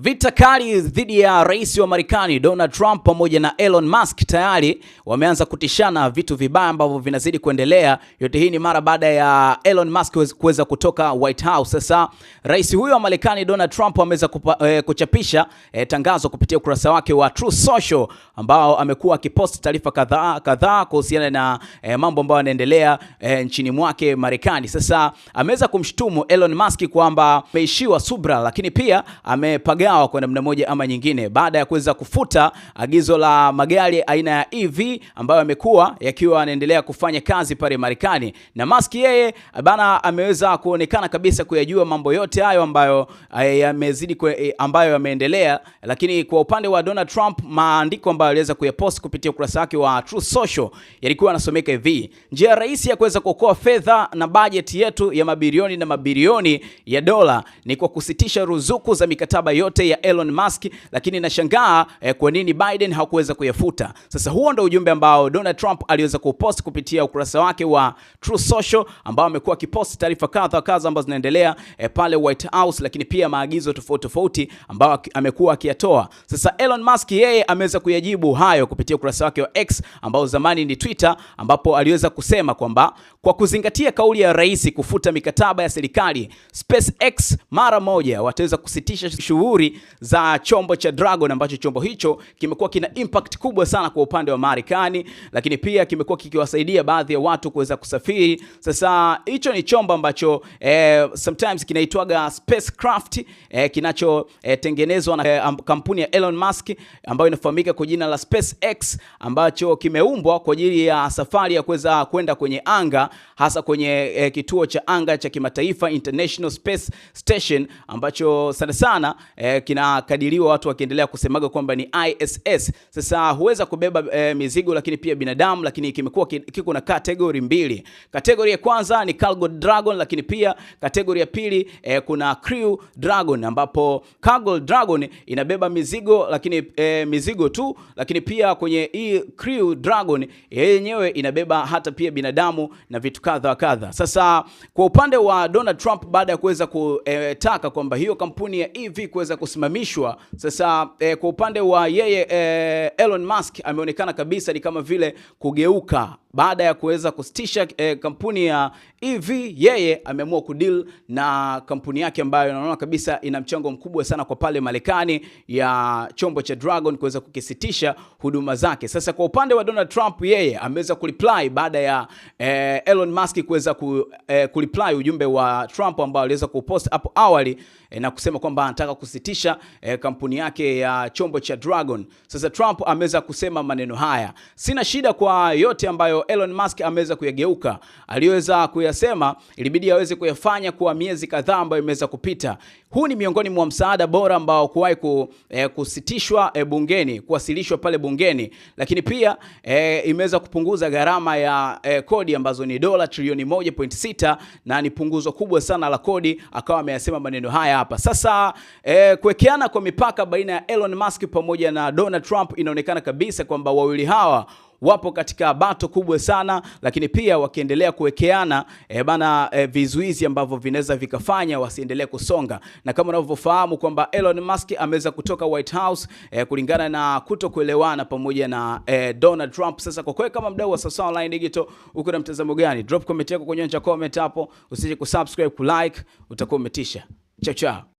Vita kali dhidi ya rais wa Marekani Donald Trump pamoja na Elon Musk tayari wameanza kutishana vitu vibaya ambavyo vinazidi kuendelea. Yote hii ni mara baada ya Elon Musk kuweza kutoka White House. Sasa rais huyo wa Marekani Donald Trump ameweza eh, kuchapisha eh, tangazo kupitia ukurasa wake wa True Social ambao amekuwa akipost taarifa kadhaa kadhaa kuhusiana na eh, mambo ambayo yanaendelea eh, nchini mwake Marekani. Sasa ameweza kumshutumu Elon Musk kwamba ameishiwa subra, lakini pia amepaga yao kwa namna moja ama nyingine, baada ya kuweza kufuta agizo la magari aina ya EV ambayo yamekuwa yakiwa yanaendelea kufanya kazi pale Marekani. Na Musk yeye bana ameweza kuonekana kabisa kuyajua mambo yote hayo ambayo eh, yamezidi eh, ambayo yameendelea, lakini kwa upande wa Donald Trump, maandiko ambayo aliweza kuyapost kupitia ukurasa wake wa True Social yalikuwa yanasomeka hivi: njia rahisi ya kuweza kuokoa fedha na bajeti yetu ya mabilioni na mabilioni ya dola ni kwa kusitisha ruzuku za mikataba yote yote ya Elon Musk, lakini nashangaa eh, kwa nini Biden hakuweza kuyafuta. Sasa huo ndio ujumbe ambao Donald Trump aliweza kupost kupitia ukurasa wake wa True Social, ambao amekuwa akipost taarifa kadha kadha ambazo zinaendelea eh, pale White House, lakini pia maagizo tofauti tofauti ambao amekuwa akiyatoa. Sasa Elon Musk yeye ameweza kuyajibu hayo kupitia ukurasa wake wa X ambao zamani ni Twitter, ambapo aliweza kusema kwamba kwa kuzingatia kauli ya rais kufuta mikataba ya serikali, SpaceX mara moja wataweza kusitisha shughuli nzuri za chombo cha Dragon ambacho chombo hicho kimekuwa kina impact kubwa sana kwa upande wa Marekani, lakini pia kimekuwa kikiwasaidia baadhi ya watu kuweza kusafiri. Sasa hicho ni chombo ambacho eh, sometimes kinaitwaga spacecraft eh, kinachotengenezwa eh, na eh, kampuni ya Elon Musk ambayo inafahamika kwa jina la SpaceX ambacho kimeumbwa kwa ajili ya safari ya kuweza kwenda kwenye anga hasa kwenye eh, kituo cha anga cha kimataifa International Space Station ambacho sana sana eh, eh, kinakadiriwa watu wakiendelea kusemaga kwamba ni ISS. Sasa huweza kubeba eh, mizigo lakini pia binadamu, lakini kimekuwa kiko na kategori mbili. Kategori ya kwanza ni Cargo Dragon, lakini pia kategori ya pili eh, kuna Crew Dragon ambapo Cargo Dragon inabeba mizigo lakini eh, mizigo tu, lakini pia kwenye hii Crew Dragon yenyewe inabeba hata pia binadamu na vitu kadha kadha. Sasa kwa upande wa Donald Trump baada ya kuweza kutaka eh, kwamba hiyo kampuni ya EV kuweza kusimamishwa. Sasa eh, kwa upande wa yeye eh, Elon Musk ameonekana kabisa ni kama vile kugeuka baada ya kuweza kusitisha eh, kampuni ya EV, yeye ameamua kudeal na kampuni yake ambayo naona kabisa ina mchango mkubwa sana kwa pale Marekani ya chombo cha Dragon kuweza kukisitisha huduma zake. Sasa kwa upande wa Donald Trump, yeye ameweza kureply baada ya eh, Elon Musk kuweza ku, eh, kureply ujumbe wa Trump ambao aliweza kupost hapo awali eh, na kusema kwamba anataka kusitisha eh, kampuni yake ya chombo cha Dragon. Sasa Trump ameweza kusema maneno haya, sina shida kwa yote ambayo Elon Musk ameweza kuyageuka. Aliyoweza kuyasema ilibidi aweze kuyafanya kwa miezi kadhaa ambayo imeweza kupita. Huu ni miongoni mwa msaada bora ambao kuwahi ku, e, kusitishwa e, bungeni, kuwasilishwa pale bungeni, lakini pia e, imeweza kupunguza gharama ya e, kodi ambazo ni dola trilioni 1.6 na ni punguzo kubwa sana la kodi. Akawa ameyasema maneno haya hapa sasa. E, kuwekeana kwa mipaka baina ya Elon Musk pamoja na Donald Trump, inaonekana kabisa kwamba wawili hawa wapo katika bato kubwa sana, lakini pia wakiendelea kuwekeana e, bana e, vizuizi ambavyo vinaweza vikafanya wasiendelee kusonga, na kama unavyofahamu kwamba Elon Musk ameweza kutoka White House e, kulingana na kutokuelewana pamoja na e, Donald Trump. Sasa kwa kweli, kama mdau wa Sasa Online Digital, uko na mtazamo gani? Drop comment yako kwenye comment hapo, usije kusubscribe, kulike, utakuwa umetisha. Chao chao.